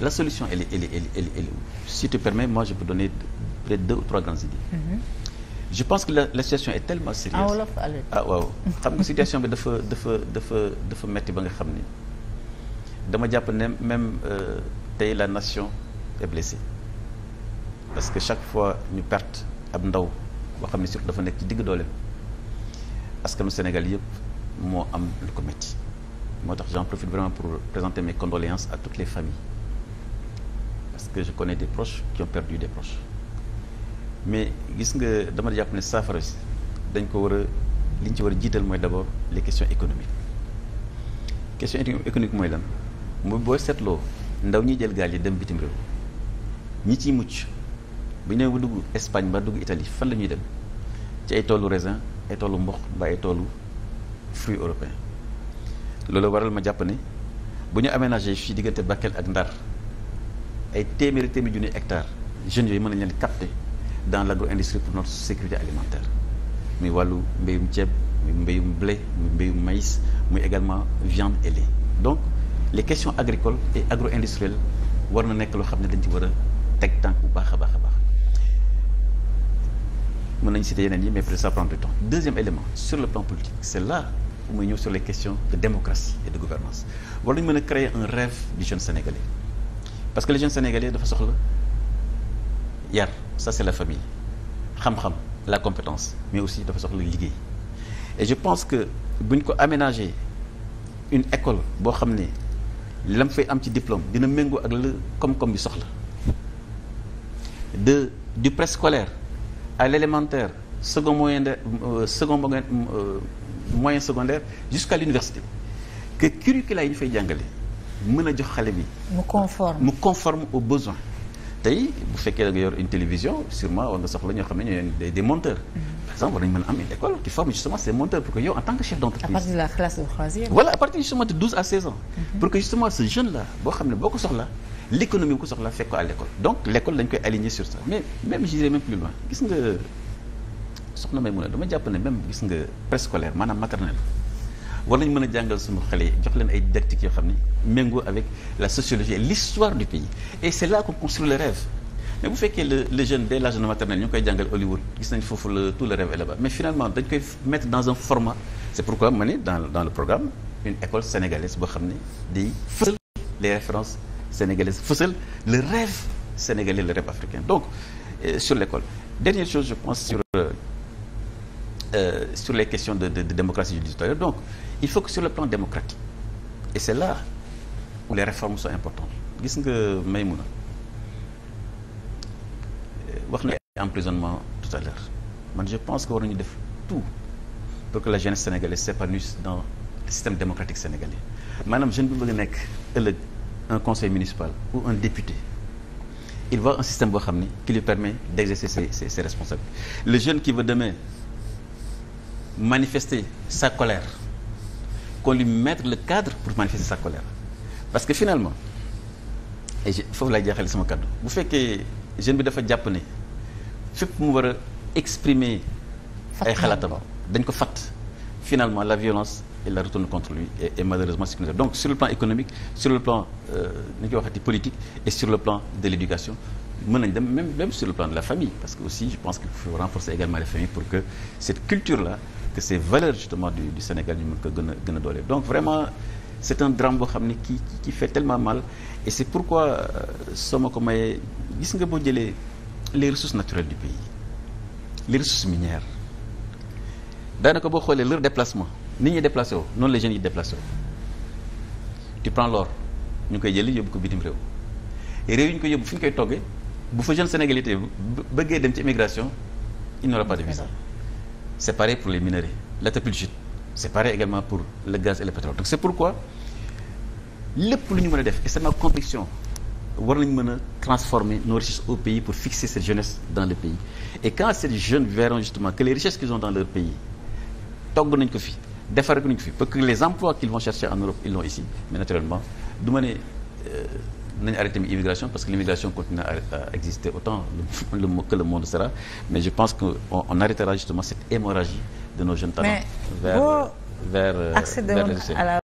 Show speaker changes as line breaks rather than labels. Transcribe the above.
la solution elle est elle est elle est elle si tu permets moi je peux donner peut-être deux ou trois grandes idées. Mhm. je pense que la, la situation est tellement sérieuse ah, ah waaw xam nga situation bi dafa dafa dafa dafa metti ba nga xam ne dama jàpp ne même euh, tey la nation est blessée parce que chaque fois ñu perte ab ndaw boo xam ne surtout dafa nekk ci diggu doole digg dooleem askanu Sénégal yëpp moo am lu ko metti moo tax j'en profite vraiment pour présenter mes condoléances parce que je connais des proches qui ont perdu des proches mais gis nga dama jàpp ne saafara si dañ ko war a li ñu ci war a jiital mooy d'abord les questions économiques question économique mooy lan mooy boo seetloo ndaw ñi jël gaal yi dem bitim réew ñi ciy mucc bu ñu dugg Espagne ba dugg Italie fan la ñuy dem ci ay toolu raisin ay toolu mboq ba ay toolu fruits européens loolu waral ma jàpp ne bu ñu aménagé fii diggante Bakel ak Ndar. ay téeméeri téeméeri junni hectares jeunes yooyu mën nañ leen capter dans l' agro industrie pour notre sécurité alimentaire muy wàllu mbéyum ceeb muy mbéyum blé muy mbéyum maïs muy également viande et lait donc les questions agricoles et agro industrielles war na nekk loo xam ne dañ ci war a teg tànk bu baax a baax a baax mën nañu citer yeneen yi mais peut-être ça prend du temps deuxième élément sur le plan politique c' là où muy ñëw sur les questions de démocratie et de mën a créer un rêve du jeune sénégalais parce que les jeunes sénégalais dafa soxla yar ça c'est la famille xam-xam la compétence mais aussi dafa soxla liggéey et je pense que bu buñ ko aménagé une école boo xam ne lam fay am ci diplôme dina méngoo ak la koom-koom bi soxla de du préscolaire à l'élémentaire second moyen de euh, second moyen euh, moyen secondaire jusqu'à l'université que curricula yi ñu fay jàngale mën a jox xale bi. mu conforme mu conforme aux besoins. tey bu fekkee da nga yor une télévision sûrement war nga soxla ñoo xam ne ñooy des des monteurs. Mm-hmm. par exemple war nañu mën a am une école qui forme justement ces monteurs pour que yow en tant que chef d'entreprise. à partir de justement de douze à seize ans. Mm-hmm. pour que justement ce jeune là boo xam ne boo ko soxla l'économie bu ko soxla fekk ko à l'école donc l'école dañ koy aligner sur ça mais même je dirais même jàpp ne même gis nga préscolaire maanaam maternelle. war nañ mën a jàngal suñu xale yi jox leen ay didactiques yoo xam ne méngoo avec la sociologie et l'histoire du pays et c'est là qu'on construit le rêve mais bu fekkee le le jeune dès l'âge de maternelle ñu koy jàngal Hollywood gis nañ foofu le tout le rêve est là-bas mais finalement dañ koy mettre dans un format c'est pourquoi ma dans le programme une école sénégalaise boo xam ne day fësal les références sénégalaises fësal le rêve sénégalais le rêve africain euh, l'école dernière chose je euh, sur les questions de, de, de démocratie judiciaire. Donc, il faut que sur le plan démocratique, et c'est là où les réformes sont importantes. gis nga Maïmouna euh, wax na emprisonnement tout à l'heure man je pense que war nañu def tout pour que la jeunesse sénégalaise s'épanouisse dans le système démocratique sénégalais maanaam jeune bi bëgg nekk ëllëg un conseil municipal ou un député il voit un système boo xam ne qui lui permet d'exercer ses, ses, manifester sa colère qu'on lui mette le cadre pour manifester sa colère parce que finalement et foofu lay jeexale sama kàddu bu fekkee jeune bi dafa jàpp ne fépp mu war a exprimer ay xalaatam dañ ko fàtt finalement la violence elle la retourne contre lui et, et malheureusement c'est donc sur le plan économique sur le plan euh, ni koy waxati politique et sur le plan de l'éducation mën nañ dem même sur le plan de la famille parce que aussi je pense qu'il pour que cette culture là que ces valeurs justement du du Sénégal ñu mën ko gën a gën a doole donc vraiment c'est un drame boo xam ne kii qui fait tellement mal et c'est pourquoi euh, soo ma ko may gis nga boo jëlee les ressources naturelles du pays les ressources minières daanaka boo xoolee leur déplacement ni ñuy déplacé woo noonu la jeunes yi déplacé woo tu prends l'or ñu koy jëli yóbbu ko bitim réew réew yi ñu koy yóbbu fi ñu koy toggee bu fa jeune sénégalité bëggee dem ci immigration il n'aura pas c'est pareil pour les minerais l'attapulgite c'est pareil également pour le gaz et le pétrole donc c'est pourquoi lépp lu ñu mën def et c'est ma conviction war nañu mën a transformer nos richesses au pays pour fixer cette jeunesse dans le pays et quand ces jeunes verront justement que les richesses qu'ils ont dans leur pays togg nañ ko fi defar ko nañ ko fi parce que les emplois qu'ils vont chercher en Europe ils l'ont ici mais naturellement du euh, nañu arrêté mi immigration parce que l'immigration continue à exister autant le que le monde sera mais je pense que on, on arrêtera justement cette hémorragie de nos jeunes talents vers vers, euh, vers, vers